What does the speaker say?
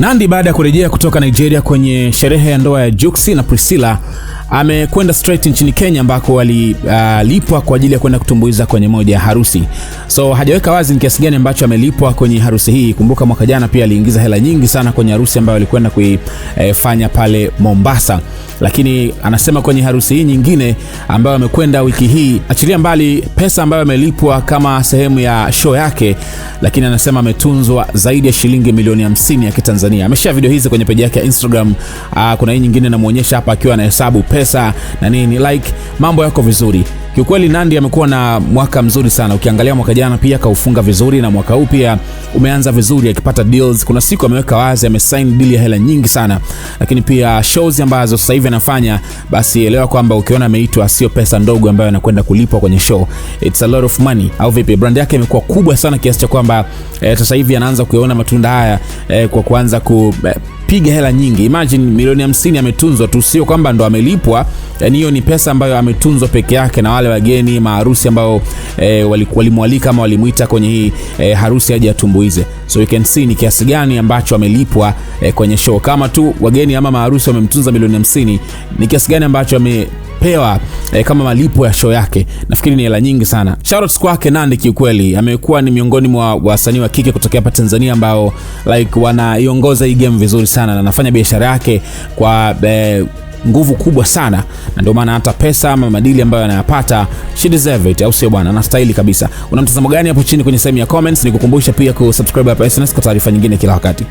Nandy baada ya kurejea kutoka Nigeria kwenye sherehe ya ndoa ya Juksi na Priscilla amekwenda straight nchini Kenya ambako alilipwa uh, kwa ajili ya kwenda kutumbuiza kwenye moja ya harusi. So hajaweka wazi ni kiasi gani ambacho amelipwa kwenye harusi hii. Kumbuka mwaka jana pia aliingiza hela nyingi sana kwenye harusi ambayo alikwenda kuifanya eh, pale Mombasa, lakini anasema kwenye harusi hii nyingine ambayo amekwenda wiki hii, achilia mbali pesa ambayo amelipwa kama sehemu ya show yake, lakini anasema ametunzwa zaidi ya shilingi milioni 50 ya Kitanzania. Ameshare video hizi kwenye peji yake ya Instagram. Uh, kuna hii nyingine namuonyesha hapa akiwa anahesabu pesa pesa na nini, like mambo yako vizuri kiukweli. nandi amekuwa na mwaka mzuri sana, ukiangalia mwaka jana pia kaufunga vizuri, na mwaka huu pia umeanza vizuri akipata deals. Kuna siku ameweka wazi amesign deal ya hela nyingi sana, lakini pia shows ambazo sasa hivi anafanya, basi elewa kwamba ukiona ameitwa, sio pesa ndogo ambayo anakwenda kulipwa kwenye show, it's a lot of money, au vipi? Brand yake imekuwa kubwa sana kiasi cha kwamba eh, sasa hivi anaanza kuyaona matunda haya eh, kwa kuanza ku eh, amepiga hela nyingi. Imagine milioni hamsini ametunzwa tu, sio kwamba ndo amelipwa, yani hiyo ni pesa ambayo ametunzwa peke yake na wale wageni maharusi ambao e, walimwalika ama walimwita kwenye hii e, harusi aje atumbuize. So you can see ni kiasi gani ambacho amelipwa e, kwenye show. Kama tu wageni ama maharusi wamemtunza milioni hamsini, ni kiasi gani ambacho ame anapewa eh, kama malipo ya show yake. Nafikiri ni hela nyingi sana. Shoutouts kwake nandi kiukweli amekuwa ni miongoni mwa wasanii wa kike kutoka hapa Tanzania ambao like wanaiongoza hii game vizuri sana na anafanya biashara yake kwa eh, nguvu kubwa sana na ndio maana hata pesa ama madili ambayo anayapata she deserve it, au sio bwana? Anastahili kabisa. Una mtazamo gani hapo chini kwenye sehemu ya comments? Nikukumbusha pia kusubscribe hapa SnS kwa taarifa nyingine kila wakati.